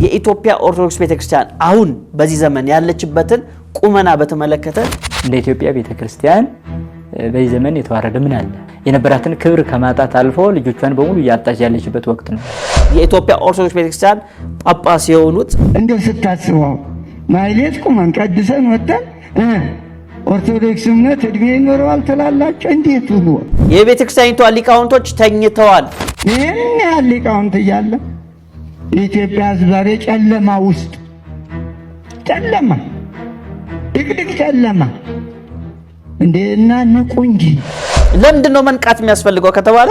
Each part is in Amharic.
የኢትዮጵያ ኦርቶዶክስ ቤተክርስቲያን አሁን በዚህ ዘመን ያለችበትን ቁመና በተመለከተ እንደ ኢትዮጵያ ቤተክርስቲያን በዚህ ዘመን የተዋረደ ምን አለ? የነበራትን ክብር ከማጣት አልፎ ልጆቿን በሙሉ እያጣች ያለችበት ወቅት ነው። የኢትዮጵያ ኦርቶዶክስ ቤተክርስቲያን ጳጳስ የሆኑት እንደው ስታስበው ማይሌት ቁመን ቀድሰን ወጠን ኦርቶዶክስ እምነት እድሜ ይኖረዋል ትላላቸው። እንዴት ሁሉ የቤተክርስቲያኒቷ ሊቃውንቶች ተኝተዋል። ይህን ያህል ሊቃውንት እያለ የኢትዮጵያ ሕዝብ ዛሬ ጨለማ ውስጥ ጨለማ ድቅድቅ ጨለማ እንደና ንቁ እንጂ ለምንድን ነው መንቃት የሚያስፈልገው ከተባለ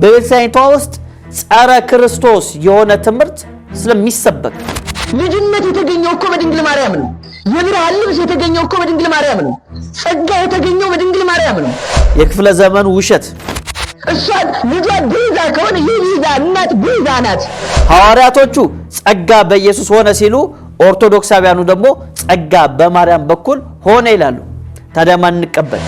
በቤተክርስቲያኒቷ ውስጥ ጸረ ክርስቶስ የሆነ ትምህርት ስለሚሰበክ ልጅነት የተገኘው እኮ በድንግል ማርያም ነው። የብርሃን ልብስ የተገኘው እኮ በድንግል ማርያም ነው። ጸጋ የተገኘው በድንግል ማርያም ነው። የክፍለ ዘመን ውሸት እሷን ልጇ ቤዛ ከሆነ የቤዛ እናት ቤዛ ናት። ሐዋርያቶቹ ጸጋ በኢየሱስ ሆነ ሲሉ፣ ኦርቶዶክሳውያኑ ደግሞ ጸጋ በማርያም በኩል ሆነ ይላሉ። ታዲያ ማን እንቀበል?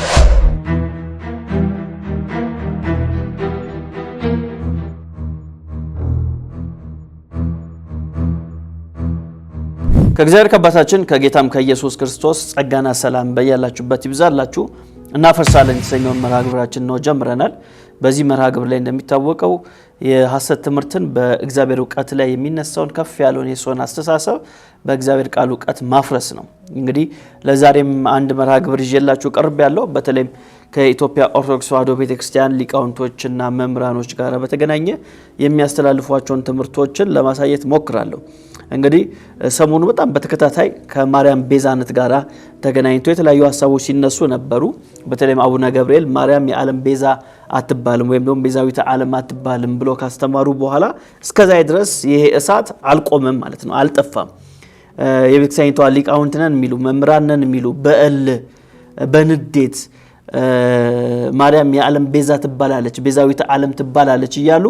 ከእግዚአብሔር ከአባታችን ከጌታም ከኢየሱስ ክርስቶስ ጸጋና ሰላም በያላችሁበት ይብዛላችሁ። እናፈርሳለን የተሰኘውን መርሃ ግብራችን ነው ጀምረናል። በዚህ መርሃ ግብር ላይ እንደሚታወቀው የሐሰት ትምህርትን በእግዚአብሔር እውቀት ላይ የሚነሳውን ከፍ ያለውን የሰውን አስተሳሰብ በእግዚአብሔር ቃል እውቀት ማፍረስ ነው። እንግዲህ ለዛሬም አንድ መርሃ ግብር ይዤላችሁ ቀርብ ያለው በተለይም ከኢትዮጵያ ኦርቶዶክስ ተዋህዶ ቤተክርስቲያን ሊቃውንቶችና መምህራኖች ጋር በተገናኘ የሚያስተላልፏቸውን ትምህርቶችን ለማሳየት ሞክራለሁ። እንግዲህ ሰሞኑ በጣም በተከታታይ ከማርያም ቤዛነት ጋር ተገናኝቶ የተለያዩ ሀሳቦች ሲነሱ ነበሩ። በተለይም አቡነ ገብርኤል ማርያም የዓለም ቤዛ አትባልም ወይም ደግሞ ቤዛዊተ ዓለም አትባልም ብሎ ካስተማሩ በኋላ እስከዛ ድረስ ይሄ እሳት አልቆመም ማለት ነው፣ አልጠፋም። የቤተክርስቲያኒቷ ሊቃውንት ነን የሚሉ መምህራን ነን የሚሉ በእል በንዴት ማርያም የዓለም ቤዛ ትባላለች፣ ቤዛዊት ዓለም ትባላለች እያሉ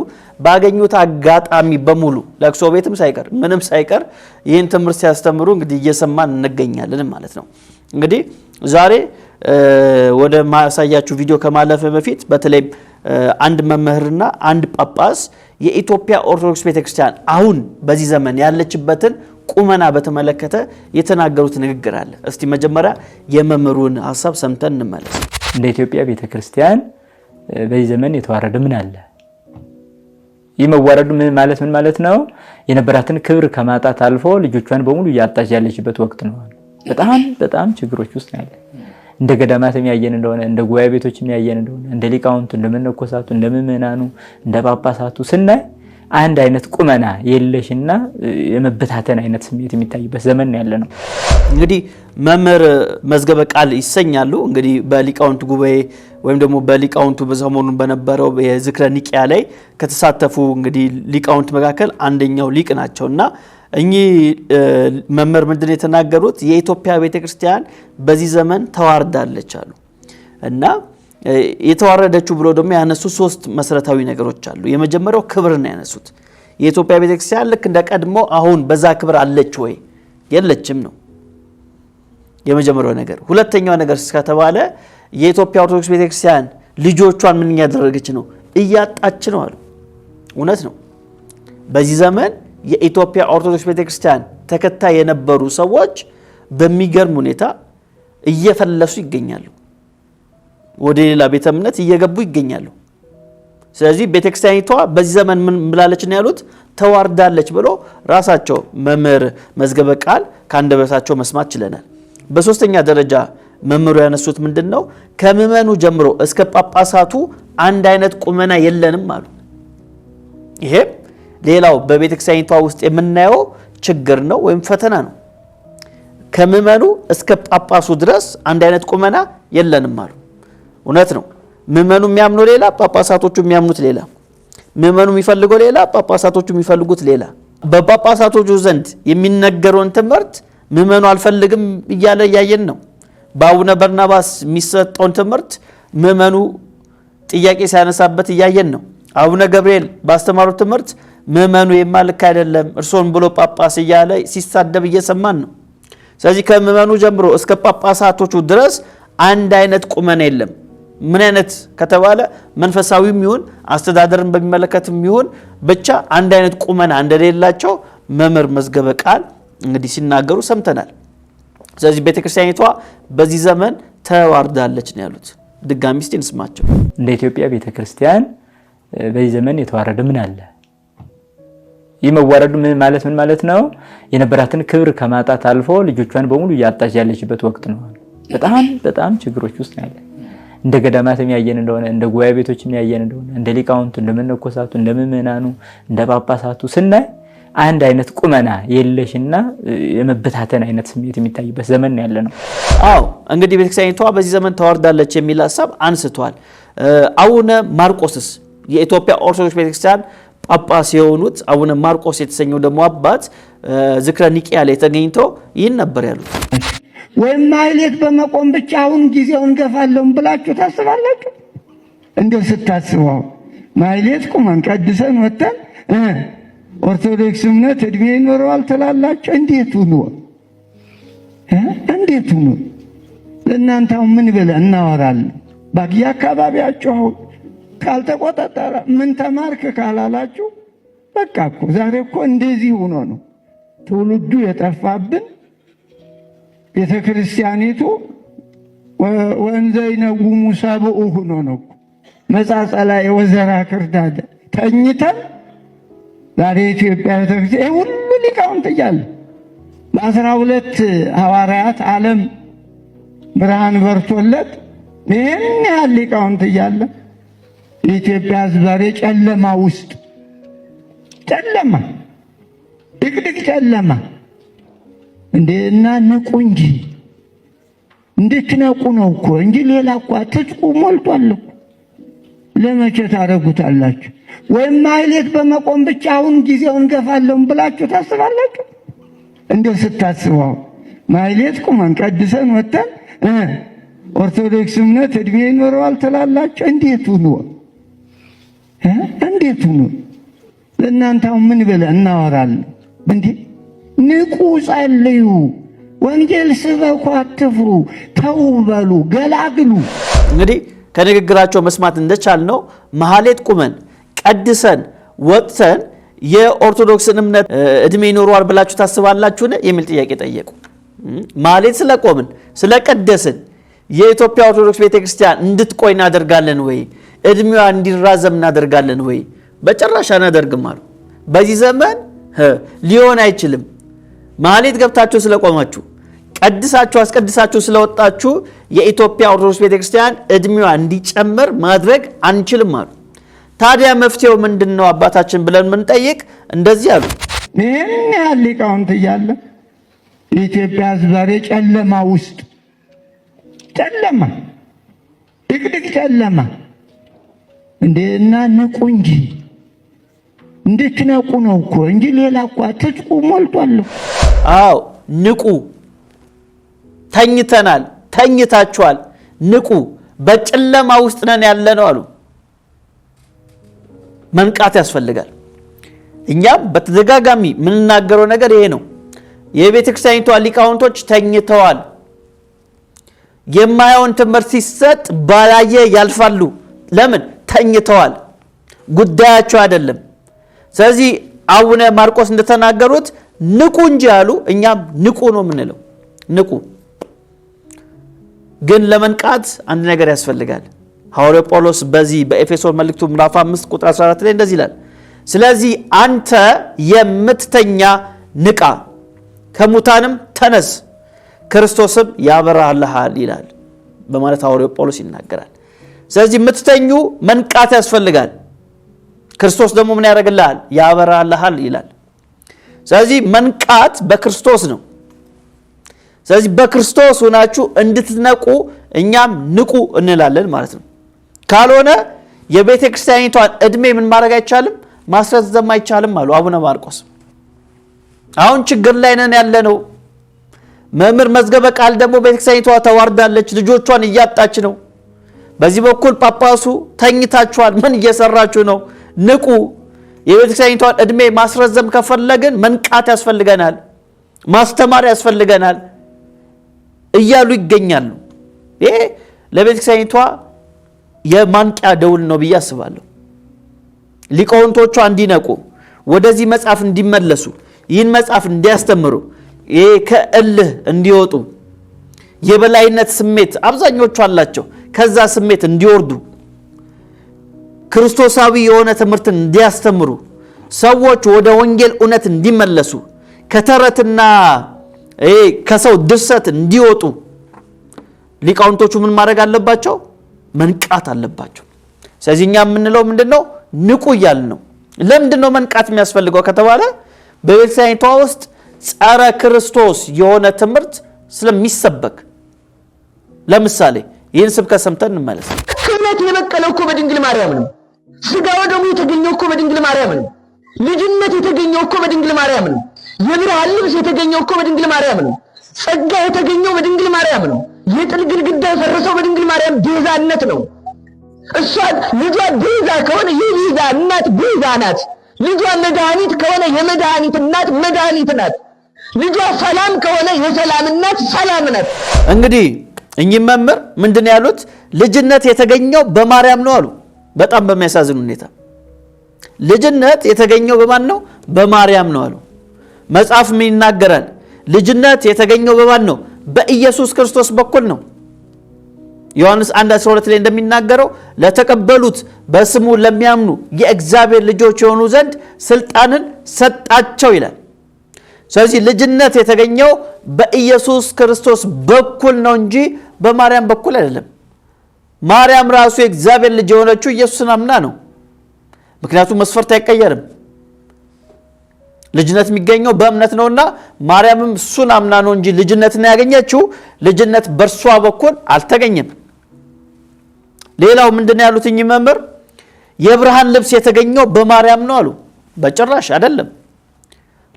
ባገኙት አጋጣሚ በሙሉ ለቅሶ ቤትም ሳይቀር ምንም ሳይቀር ይህን ትምህርት ሲያስተምሩ እንግዲህ እየሰማን እንገኛለን ማለት ነው። እንግዲህ ዛሬ ወደ ማሳያችሁ ቪዲዮ ከማለፈ በፊት በተለይ አንድ መምህርና አንድ ጳጳስ የኢትዮጵያ ኦርቶዶክስ ቤተክርስቲያን አሁን በዚህ ዘመን ያለችበትን ቁመና በተመለከተ የተናገሩት ንግግር አለ። እስቲ መጀመሪያ የመምህሩን ሀሳብ ሰምተን እንመለስ። እንደ ኢትዮጵያ ቤተክርስቲያን በዚህ ዘመን የተዋረደ ምን አለ? ይህ መዋረዱ ምን ማለት ምን ማለት ነው? የነበራትን ክብር ከማጣት አልፎ ልጆቿን በሙሉ እያጣች ያለችበት ወቅት ነው። በጣም በጣም ችግሮች ውስጥ ያለ እንደ ገዳማት የሚያየን እንደሆነ እንደ ጉባኤ ቤቶች የሚያየን እንደሆነ እንደ ሊቃውንቱ፣ እንደ መነኮሳቱ፣ እንደ ምዕመናኑ፣ እንደ ጳጳሳቱ ስናይ አንድ አይነት ቁመና የለሽና የመበታተን አይነት ስሜት የሚታይበት ዘመን ያለ ነው። እንግዲህ መምህር መዝገበ ቃል ይሰኛሉ። እንግዲህ በሊቃውንቱ ጉባኤ ወይም ደግሞ በሊቃውንቱ በሰሞኑን በነበረው የዝክረ ኒቅያ ላይ ከተሳተፉ እንግዲህ ሊቃውንት መካከል አንደኛው ሊቅ ናቸው እና እኚህ መምህር ምንድን የተናገሩት የኢትዮጵያ ቤተ ክርስቲያን በዚህ ዘመን ተዋርዳለች አሉ እና የተዋረደችው ብሎ ደግሞ ያነሱ ሶስት መሰረታዊ ነገሮች አሉ። የመጀመሪያው ክብር ነው ያነሱት። የኢትዮጵያ ቤተ ክርስቲያን ልክ እንደ ቀድሞ አሁን በዛ ክብር አለች ወይ? የለችም ነው የመጀመሪያው ነገር። ሁለተኛው ነገር እስከተባለ የኢትዮጵያ ኦርቶዶክስ ቤተ ክርስቲያን ልጆቿን ምን እያደረገች ነው? እያጣች ነው አሉ። እውነት ነው በዚህ ዘመን የኢትዮጵያ ኦርቶዶክስ ቤተክርስቲያን ተከታይ የነበሩ ሰዎች በሚገርም ሁኔታ እየፈለሱ ይገኛሉ። ወደ ሌላ ቤተ እምነት እየገቡ ይገኛሉ። ስለዚህ ቤተክርስቲያኒቷ በዚህ ዘመን ምን ብላለች ነው ያሉት? ተዋርዳለች ብሎ ራሳቸው መምህር መዝገበ ቃል ከአንደበታቸው መስማት ችለናል። በሶስተኛ ደረጃ መምህሩ ያነሱት ምንድን ነው? ከምዕመኑ ጀምሮ እስከ ጳጳሳቱ አንድ አይነት ቁመና የለንም አሉ። ይሄ ሌላው በቤተክርስቲያኒቷ ውስጥ የምናየው ችግር ነው ወይም ፈተና ነው። ከምዕመኑ እስከ ጳጳሱ ድረስ አንድ አይነት ቁመና የለንም አሉ። እውነት ነው። ምዕመኑ የሚያምኑ ሌላ፣ ጳጳሳቶቹ የሚያምኑት ሌላ። ምዕመኑ የሚፈልገው ሌላ፣ ጳጳሳቶቹ የሚፈልጉት ሌላ። በጳጳሳቶቹ ዘንድ የሚነገረውን ትምህርት ምዕመኑ አልፈልግም እያለ እያየን ነው። በአቡነ በርናባስ የሚሰጠውን ትምህርት ምዕመኑ ጥያቄ ሲያነሳበት እያየን ነው። አቡነ ገብርኤል ባስተማሩት ትምህርት ምእመኑ የማልክ አይደለም እርሶን ብሎ ጳጳስ እያለ ሲሳደብ እየሰማን ነው። ስለዚህ ከምእመኑ ጀምሮ እስከ ጳጳሳቶቹ ድረስ አንድ አይነት ቁመና የለም። ምን አይነት ከተባለ መንፈሳዊም ይሁን አስተዳደርን በሚመለከትም ይሁን ብቻ አንድ አይነት ቁመና እንደሌላቸው መምህር መዝገበ ቃል እንግዲህ ሲናገሩ ሰምተናል። ስለዚህ ቤተክርስቲያኒቷ በዚህ ዘመን ተዋርዳለች ነው ያሉት። ድጋሚ እስቲ እንስማቸው። እንደ ኢትዮጵያ ቤተክርስቲያን በዚህ ዘመን የተዋረደ ምን አለ? የመዋረዱ ምን ማለት ምን ማለት ነው? የነበራትን ክብር ከማጣት አልፎ ልጆቿን በሙሉ እያጣች ያለችበት ወቅት ነው። በጣም በጣም ችግሮች ውስጥ ያለ እንደ ገዳማት የሚያየን እንደሆነ እንደ ጉባኤ ቤቶች የሚያየን እንደሆነ እንደ ሊቃውንቱ፣ እንደ መነኮሳቱ፣ እንደ ምዕመናኑ፣ እንደ ጳጳሳቱ ስናይ አንድ አይነት ቁመና የለሽና የመበታተን አይነት ስሜት የሚታይበት ዘመን ያለ ነው። አዎ እንግዲህ ቤተክርስቲያኒቷ በዚህ ዘመን ተዋርዳለች የሚል ሀሳብ አንስቷል። አቡነ ማርቆስስ የኢትዮጵያ ኦርቶዶክስ ቤተክርስቲያን ጳጳስ የሆኑት አቡነ ማርቆስ የተሰኘው ደግሞ አባት ዝክረ ኒቂያ ላይ ተገኝተው ይህን ነበር ያሉት። ወይም ማህሌት በመቆም ብቻ አሁን ጊዜውን እንገፋለን ብላችሁ ታስባላችሁ። እንዲሁ ስታስበው ማህሌት ቁመን ቀድሰን ወተን ኦርቶዶክስ እምነት እድሜ ይኖረዋል ትላላችሁ። እንዴት ሁኑ እንዴት ሁኑ። ለእናንተ አሁን ምን ብለን እናወራለን? ባግያ አካባቢያችሁ አሁን ካልተቆጣጠረ ምን ተማርክ ካላላችሁ በቃ እኮ ዛሬ እኮ እንደዚህ ሆኖ ነው ትውልዱ የጠፋብን። ቤተ ክርስቲያኒቱ ወንዘ ይነጉሙ ሰብኡ ሆኖ ነው መጻጸላ የወዘራ ክርዳደ ተኝተን ዛሬ ኢትዮጵያ ቤተ ክርስቲያን ሁሉ ሊቃውንት እያለ በአስራ ሁለት ሐዋርያት ዓለም ብርሃን በርቶለት ይህን ያህል ሊቃውንት እያለ የኢትዮጵያ ሕዝብ ዛሬ ጨለማ ውስጥ ጨለማ ድቅድቅ ጨለማ እንደና ንቁ እንጂ እንድትነቁ ነው እኮ እንጂ ሌላ እኮ ትጥቁ ሞልቷል እኮ። ለመቼ ታደርጉታላችሁ? ወይም ማይሌት በመቆም ብቻ አሁን ጊዜውን ገፋለሁም ብላችሁ ታስባላችሁ? እንደው ስታስበው ማይሌት ቁመን ቀድሰን ወጥተን ኦርቶዶክስ እምነት እድሜ ይኖረዋል ትላላችሁ። እንዴት ሁሉ እንዴት ሁኑ ለእናንተ ምን ብለ እናወራለን። እንዴ ንቁ፣ ጸልዩ፣ ወንጌል ስበኩ፣ አትፍሩ፣ ተው በሉ፣ ገላግሉ። እንግዲህ ከንግግራቸው መስማት እንደቻልነው መሐሌት ቁመን ቀድሰን ወጥተን የኦርቶዶክስን እምነት እድሜ ይኖረዋል ብላችሁ ታስባላችሁን? የሚል ጥያቄ ጠየቁ። መሐሌት ስለቆምን ስለቀደስን የኢትዮጵያ ኦርቶዶክስ ቤተክርስቲያን እንድትቆይ እናደርጋለን ወይ እድሜዋ እንዲራዘም እናደርጋለን ወይ? በጭራሽ አናደርግም አሉ። በዚህ ዘመን ሊሆን አይችልም። ማህሌት ገብታችሁ ስለቆማችሁ ቀድሳችሁ አስቀድሳችሁ ስለወጣችሁ የኢትዮጵያ ኦርቶዶክስ ቤተክርስቲያን እድሜዋ እንዲጨምር ማድረግ አንችልም አሉ። ታዲያ መፍትሄው ምንድን ነው አባታችን ብለን ምንጠይቅ እንደዚህ አሉ። ይህን ያህል ሊቃውንት እያለ የኢትዮጵያ ዛሬ ጨለማ ውስጥ ጨለማ ድቅድቅ ጨለማ እንደ እና ንቁ እንጂ እንድትነቁ ነው እኮ እንጂ ሌላ እኮ አትጥቁ፣ ሞልቷል። አዎ ንቁ። ተኝተናል፣ ተኝታችኋል፣ ንቁ። በጨለማ ውስጥ ነን ያለ ነው አሉ። መንቃት ያስፈልጋል። እኛም በተደጋጋሚ የምንናገረው ነገር ይሄ ነው። የቤተ ክርስቲያኒቷ ሊቃውንቶች ተኝተዋል። የማየውን ትምህርት ሲሰጥ ባላየ ያልፋሉ። ለምን ተኝተዋል፣ ጉዳያቸው አይደለም። ስለዚህ አቡነ ማርቆስ እንደተናገሩት ንቁ እንጂ አሉ። እኛም ንቁ ነው የምንለው። ንቁ ግን ለመንቃት አንድ ነገር ያስፈልጋል። ሐዋርያው ጳውሎስ በዚህ በኤፌሶን መልእክቱ ምዕራፍ 5 ቁጥር 14 ላይ እንደዚህ ይላል፣ ስለዚህ አንተ የምትተኛ ንቃ፣ ከሙታንም ተነስ፣ ክርስቶስም ያበራልሃል ይላል በማለት ሐዋርያው ጳውሎስ ይናገራል። ስለዚህ የምትተኙ መንቃት ያስፈልጋል። ክርስቶስ ደግሞ ምን ያደርግልሃል? ያበራልሃል ይላል። ስለዚህ መንቃት በክርስቶስ ነው። ስለዚህ በክርስቶስ ሆናችሁ እንድትነቁ እኛም ንቁ እንላለን ማለት ነው። ካልሆነ የቤተ ክርስቲያኒቷን እድሜ ምን ማድረግ አይቻልም፣ ማስረዘም አይቻልም አሉ አቡነ ማርቆስ። አሁን ችግር ላይ ነን ያለ ነው። መምህር መዝገበ ቃል ደግሞ ቤተክርስቲያኒቷ ተዋርዳለች፣ ልጆቿን እያጣች ነው። በዚህ በኩል ጳጳሱ ተኝታችኋል፣ ምን እየሰራችሁ ነው? ንቁ። የቤተክርስቲያኒቷን እድሜ ማስረዘም ከፈለግን መንቃት ያስፈልገናል፣ ማስተማር ያስፈልገናል እያሉ ይገኛሉ። ይሄ ለቤተክርስቲያኒቷ የማንቂያ ደውል ነው ብዬ አስባለሁ። ሊቃውንቶቿ እንዲነቁ፣ ወደዚህ መጽሐፍ እንዲመለሱ፣ ይህን መጽሐፍ እንዲያስተምሩ፣ ይሄ ከእልህ እንዲወጡ የበላይነት ስሜት አብዛኞቹ አላቸው። ከዛ ስሜት እንዲወርዱ ክርስቶሳዊ የሆነ ትምህርትን እንዲያስተምሩ ሰዎች ወደ ወንጌል እውነት እንዲመለሱ ከተረትና ከሰው ድርሰት እንዲወጡ ሊቃውንቶቹ ምን ማድረግ አለባቸው? መንቃት አለባቸው። ስለዚህ እኛ የምንለው ምንድን ነው? ንቁ እያል ነው። ለምንድን ነው መንቃት የሚያስፈልገው ከተባለ በቤተክርስቲያኒቷ ውስጥ ጸረ ክርስቶስ የሆነ ትምህርት ስለሚሰበክ ለምሳሌ ይህን ስብከት ሰምተን እንመለስ። ክህነት የበቀለው እኮ በድንግል ማርያም ነው። ስጋ ወደሙ የተገኘው እኮ በድንግል ማርያም ነው። ልጅነት የተገኘው እኮ በድንግል ማርያም ነው። የብርሃን ልብስ የተገኘው እኮ በድንግል ማርያም ነው። ጸጋ የተገኘው በድንግል ማርያም ነው። የጥል ግድግዳ የፈረሰው በድንግል ማርያም ቤዛነት ነው። እሷ ልጇ ቤዛ ከሆነ የቤዛ እናት ቤዛ ናት። ልጇ መድኃኒት ከሆነ የመድኃኒት እናት መድኃኒት ናት። ልጇ ሰላም ከሆነ የሰላም እናት ሰላም ናት። እንግዲህ እኚህ መምህር ምንድን ያሉት ልጅነት የተገኘው በማርያም ነው አሉ። በጣም በሚያሳዝን ሁኔታ ልጅነት የተገኘው በማን ነው? በማርያም ነው አሉ። መጽሐፍ ምን ይናገራል? ልጅነት የተገኘው በማን ነው? በኢየሱስ ክርስቶስ በኩል ነው። ዮሐንስ 1 12 ላይ እንደሚናገረው ለተቀበሉት በስሙ ለሚያምኑ የእግዚአብሔር ልጆች የሆኑ ዘንድ ስልጣንን ሰጣቸው ይላል። ስለዚህ ልጅነት የተገኘው በኢየሱስ ክርስቶስ በኩል ነው እንጂ በማርያም በኩል አይደለም። ማርያም ራሱ የእግዚአብሔር ልጅ የሆነችው ኢየሱስን አምና ነው። ምክንያቱም መስፈርት አይቀየርም። ልጅነት የሚገኘው በእምነት ነውና ማርያምም እሱን አምና ነው እንጂ ልጅነትን ያገኘችው ልጅነት በእርሷ በኩል አልተገኘም። ሌላው ምንድን ያሉት እኚህ መምር የብርሃን ልብስ የተገኘው በማርያም ነው አሉ። በጭራሽ አይደለም።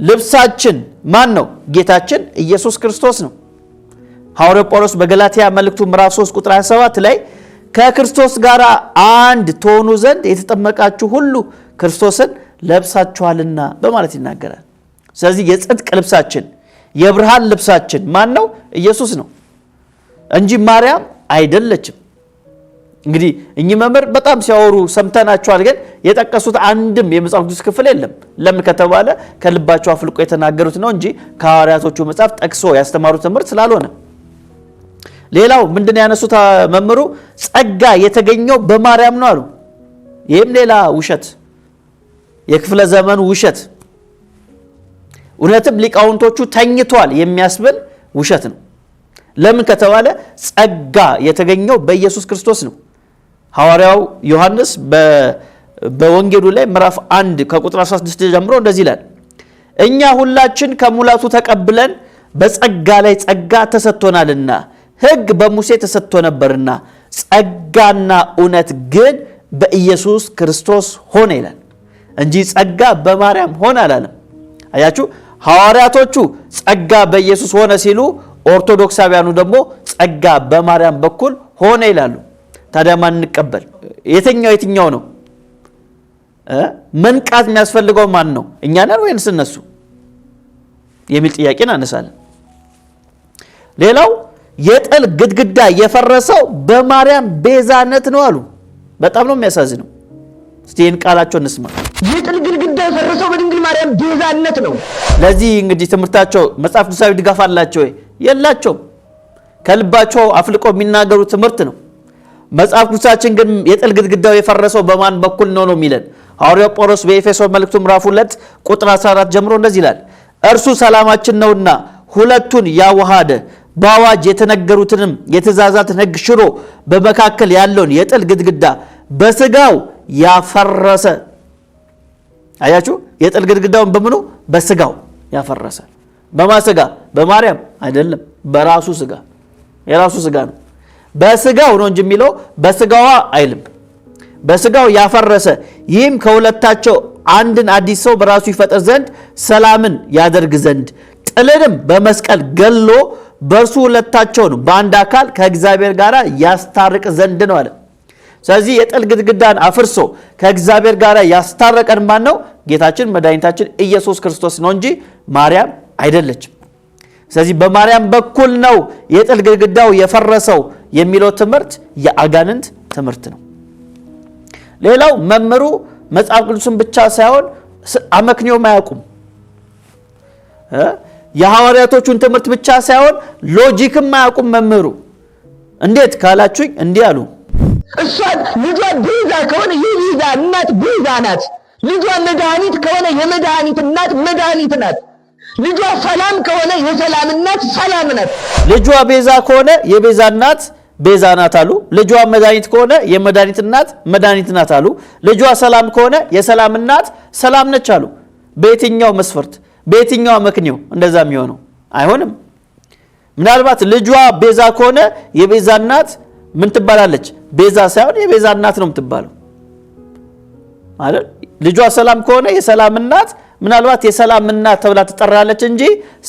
ልብሳችን ማን ነው? ጌታችን ኢየሱስ ክርስቶስ ነው። ሐዋርያው ጳውሎስ በገላትያ መልእክቱ ምዕራፍ 3 ቁጥር 27 ላይ ከክርስቶስ ጋር አንድ ትሆኑ ዘንድ የተጠመቃችሁ ሁሉ ክርስቶስን ለብሳችኋልና በማለት ይናገራል። ስለዚህ የጽድቅ ልብሳችን የብርሃን ልብሳችን ማን ነው? ኢየሱስ ነው እንጂ ማርያም አይደለችም። እንግዲህ እኚህ መምህር በጣም ሲያወሩ ሰምተናቸዋል፣ ግን የጠቀሱት አንድም የመጽሐፍ ቅዱስ ክፍል የለም። ለምን ከተባለ ከልባቸው አፍልቆ የተናገሩት ነው እንጂ ከሐዋርያቶቹ መጽሐፍ ጠቅሶ ያስተማሩት ትምህርት ስላልሆነ። ሌላው ምንድን ያነሱት መምህሩ ጸጋ የተገኘው በማርያም ነው አሉ። ይህም ሌላ ውሸት፣ የክፍለ ዘመኑ ውሸት፣ እውነትም ሊቃውንቶቹ ተኝቷል የሚያስብል ውሸት ነው። ለምን ከተባለ ጸጋ የተገኘው በኢየሱስ ክርስቶስ ነው። ሐዋርያው ዮሐንስ በወንጌሉ ላይ ምዕራፍ 1 ከቁጥር 16 ጀምሮ እንደዚህ ይላል፣ እኛ ሁላችን ከሙላቱ ተቀብለን በጸጋ ላይ ጸጋ ተሰጥቶናልና፣ ሕግ በሙሴ ተሰጥቶ ነበርና፣ ጸጋና እውነት ግን በኢየሱስ ክርስቶስ ሆነ ይላል እንጂ ጸጋ በማርያም ሆነ አላለም። አያችሁ፣ ሐዋርያቶቹ ጸጋ በኢየሱስ ሆነ ሲሉ፣ ኦርቶዶክሳውያኑ ደግሞ ጸጋ በማርያም በኩል ሆነ ይላሉ። ታዲያ ማን እንቀበል? የትኛው የትኛው ነው መንቃት የሚያስፈልገው? ማን ነው እኛ ነን ወይንስ እነሱ የሚል ጥያቄ እናነሳለን። ሌላው የጥል ግድግዳ የፈረሰው በማርያም ቤዛነት ነው አሉ። በጣም ነው የሚያሳዝነው። እስቲ ይህን ቃላቸው እንስማ። የጥል ግድግዳ የፈረሰው በድንግል ማርያም ቤዛነት ነው። ለዚህ እንግዲህ ትምህርታቸው መጽሐፍ ቅዱሳዊ ድጋፍ አላቸው የላቸውም? ከልባቸው አፍልቆ የሚናገሩ ትምህርት ነው። መጽሐፍ ቅዱሳችን ግን የጥል ግድግዳው የፈረሰው በማን በኩል ነው ነው የሚለን ሐዋርያው ጳውሎስ በኤፌሶ መልእክቱ ምዕራፍ 2 ቁጥር 14 ጀምሮ እንደዚህ ይላል፣ እርሱ ሰላማችን ነውና ሁለቱን ያዋሃደ በአዋጅ የተነገሩትንም የትእዛዛትን ሕግ ሽሮ በመካከል ያለውን የጥል ግድግዳ በስጋው ያፈረሰ። አያችሁ፣ የጥል ግድግዳውን በምኑ በስጋው ያፈረሰ። በማ ስጋ? በማርያም አይደለም፣ በራሱ ስጋ። የራሱ ስጋ ነው። በስጋው ነው እንጂ የሚለው በስጋዋ አይልም። በስጋው ያፈረሰ ይህም ከሁለታቸው አንድን አዲስ ሰው በራሱ ይፈጥር ዘንድ ሰላምን ያደርግ ዘንድ ጥልንም በመስቀል ገሎ በእርሱ ሁለታቸውን በአንድ አካል ከእግዚአብሔር ጋር ያስታርቅ ዘንድ ነው አለ። ስለዚህ የጥል ግድግዳን አፍርሶ ከእግዚአብሔር ጋር ያስታረቀን ማን ነው? ጌታችን መድኃኒታችን ኢየሱስ ክርስቶስ ነው እንጂ ማርያም አይደለችም። ስለዚህ በማርያም በኩል ነው የጥል ግድግዳው የፈረሰው። የሚለው ትምህርት የአጋንንት ትምህርት ነው። ሌላው መምህሩ መጽሐፍ ቅዱስን ብቻ ሳይሆን አመክንዮም አያውቁም። የሐዋርያቶቹን ትምህርት ብቻ ሳይሆን ሎጂክም አያውቁም መምህሩ። እንዴት ካላችሁኝ እንዲህ አሉ። እሷን ልጇ ቤዛ ከሆነ የቤዛ እናት ቤዛ ናት። ልጇ መድኃኒት ከሆነ የመድኃኒት እናት መድኃኒት ናት። ልጇ ሰላም ከሆነ የሰላም እናት ሰላም ናት። ልጇ ቤዛ ከሆነ የቤዛ እናት ቤዛ ናት አሉ። ልጇ መድኃኒት ከሆነ የመድኃኒት እናት መድኃኒት ናት አሉ። ልጇ ሰላም ከሆነ የሰላም እናት ሰላም ነች አሉ። በየትኛው መስፈርት በየትኛው መክኔው እንደዛ የሚሆነው አይሆንም። ምናልባት ልጇ ቤዛ ከሆነ የቤዛ እናት ምን ትባላለች? ቤዛ ሳይሆን የቤዛ እናት ነው የምትባለው ማለት። ልጇ ሰላም ከሆነ የሰላም እናት ምናልባት የሰላም እናት ተብላ ትጠራለች እንጂ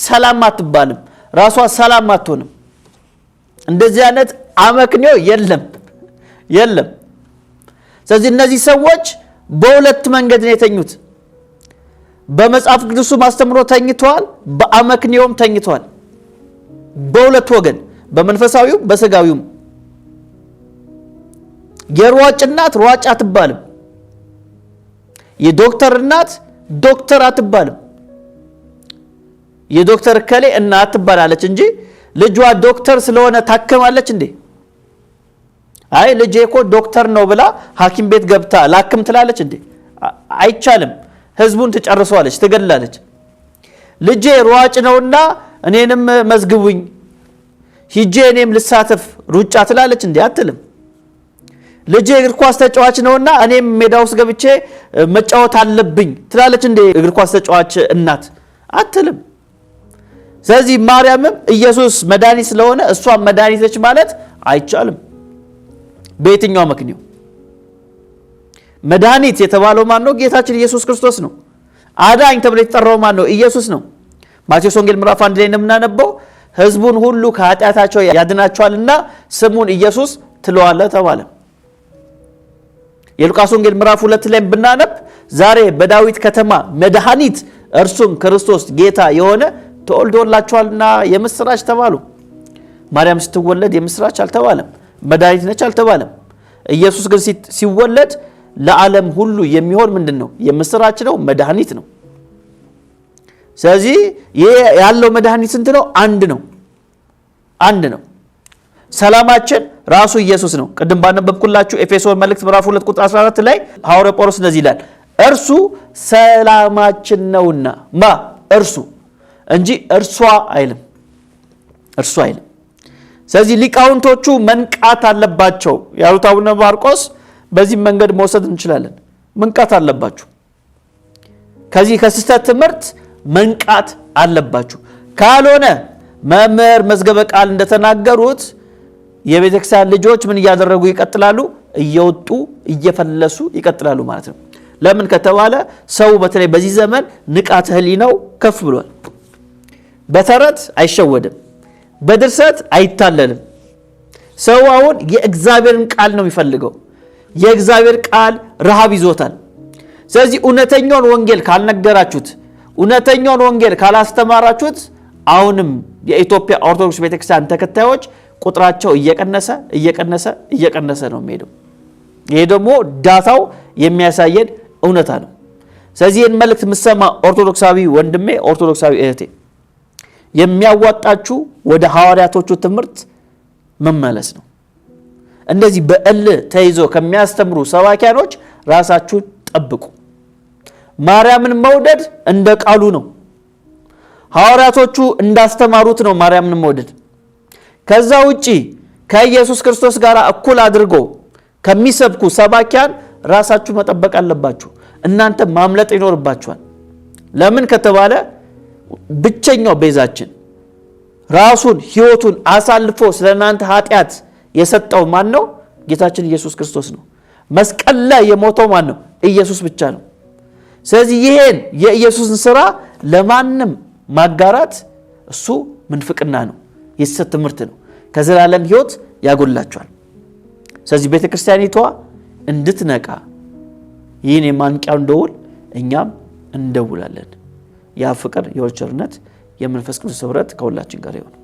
ሰላም አትባልም። ራሷ ሰላም አትሆንም። እንደዚህ አይነት አመክንዮ የለም የለም። ስለዚህ እነዚህ ሰዎች በሁለት መንገድ ነው የተኙት። በመጽሐፍ ቅዱሱ ማስተምሮ ተኝተዋል፣ በአመክንዮም ተኝተዋል። በሁለት ወገን በመንፈሳዊውም በስጋዊውም። የሯጭ እናት ሯጭ አትባልም። የዶክተር እናት ዶክተር አትባልም። የዶክተር ከሌ እናት ትባላለች እንጂ ልጇ ዶክተር ስለሆነ ታከማለች እንዴ? አይ ልጄ እኮ ዶክተር ነው ብላ ሐኪም ቤት ገብታ ላክም ትላለች እንዴ? አይቻልም። ህዝቡን ትጨርሰዋለች፣ ትገድላለች። ልጄ ሯጭ ነውና እኔንም መዝግቡኝ ሂጄ እኔም ልሳተፍ ሩጫ ትላለች እንዴ? አትልም። ልጄ እግር ኳስ ተጫዋች ነውና እኔም ሜዳ ውስጥ ገብቼ መጫወት አለብኝ ትላለች እንዴ? እግር ኳስ ተጫዋች እናት አትልም። ስለዚህ ማርያምም ኢየሱስ መድኃኒት ስለሆነ እሷም መድኃኒት ነች ማለት አይቻልም። በየትኛው መክኒው? መድኃኒት የተባለው ማን ነው? ጌታችን ኢየሱስ ክርስቶስ ነው። አዳኝ ተብሎ የተጠራው ማን ነው? ኢየሱስ ነው። ማቴዎስ ወንጌል ምዕራፍ አንድ ላይ እንደምናነበው ህዝቡን ሁሉ ከኃጢአታቸው ያድናቸዋልና ስሙን ኢየሱስ ትለዋለ ተባለ። የሉቃስ ወንጌል ምዕራፍ ሁለት ላይ ብናነብ ዛሬ በዳዊት ከተማ መድኃኒት እርሱም ክርስቶስ ጌታ የሆነ ተወልዶላችኋልና የምስራች ተባሉ። ማርያም ስትወለድ የምስራች አልተባለም። መድኃኒት ነች አልተባለም። ኢየሱስ ግን ሲወለድ ለዓለም ሁሉ የሚሆን ምንድን ነው? የምስራች ነው፣ መድኃኒት ነው። ስለዚህ ያለው መድኃኒት ስንት ነው? አንድ ነው፣ አንድ ነው። ሰላማችን ራሱ ኢየሱስ ነው። ቅድም ባነበብኩላችሁ ኤፌሶን መልእክት ምዕራፍ 2 ቁጥር 14 ላይ ሐዋርያ ጳውሎስ እንደዚህ ይላል፣ እርሱ ሰላማችን ነውና ማ እርሱ እንጂ እርሷ አይልም፣ እርሱ አይልም። ስለዚህ ሊቃውንቶቹ መንቃት አለባቸው ያሉት አቡነ ማርቆስ በዚህ መንገድ መውሰድ እንችላለን። መንቃት አለባችሁ፣ ከዚህ ከስህተት ትምህርት መንቃት አለባችሁ። ካልሆነ መምህር መዝገበ ቃል እንደተናገሩት የቤተክርስቲያን ልጆች ምን እያደረጉ ይቀጥላሉ? እየወጡ እየፈለሱ ይቀጥላሉ ማለት ነው። ለምን ከተባለ ሰው በተለይ በዚህ ዘመን ንቃት ህሊ ነው ከፍ ብሏል። በተረት አይሸወድም። በድርሰት አይታለልም። ሰው አሁን የእግዚአብሔርን ቃል ነው የሚፈልገው። የእግዚአብሔር ቃል ረሃብ ይዞታል። ስለዚህ እውነተኛውን ወንጌል ካልነገራችሁት፣ እውነተኛውን ወንጌል ካላስተማራችሁት አሁንም የኢትዮጵያ ኦርቶዶክስ ቤተክርስቲያን ተከታዮች ቁጥራቸው እየቀነሰ እየቀነሰ እየቀነሰ ነው የሚሄደው። ይሄ ደግሞ ዳታው የሚያሳየን እውነታ ነው። ስለዚህ ይህን መልእክት የምትሰማ ኦርቶዶክሳዊ ወንድሜ፣ ኦርቶዶክሳዊ እህቴ የሚያዋጣችሁ ወደ ሐዋርያቶቹ ትምህርት መመለስ ነው። እንደዚህ በእል ተይዞ ከሚያስተምሩ ሰባኪያኖች ራሳችሁን ጠብቁ። ማርያምን መውደድ እንደ ቃሉ ነው። ሐዋርያቶቹ እንዳስተማሩት ነው ማርያምን መውደድ። ከዛ ውጪ ከኢየሱስ ክርስቶስ ጋር እኩል አድርጎ ከሚሰብኩ ሰባኪያን ራሳችሁ መጠበቅ አለባችሁ። እናንተ ማምለጥ ይኖርባችኋል። ለምን ከተባለ ብቸኛው ቤዛችን ራሱን ህይወቱን አሳልፎ ስለ እናንተ ኃጢአት የሰጠው ማን ነው? ጌታችን ኢየሱስ ክርስቶስ ነው። መስቀል ላይ የሞተው ማን ነው? ኢየሱስ ብቻ ነው። ስለዚህ ይሄን የኢየሱስን ስራ ለማንም ማጋራት እሱ ምንፍቅና ነው፣ የሐሰት ትምህርት ነው፣ ከዘላለም ህይወት ያጎላቸዋል። ስለዚህ ቤተ ክርስቲያኒቷ እንድትነቃ ይህን የማንቂያውን ደውል እኛም እንደውላለን። ያ ፍቅር የወልቸርነት የመንፈስ ቅዱስ ህብረት ከሁላችን ጋር ይሆን።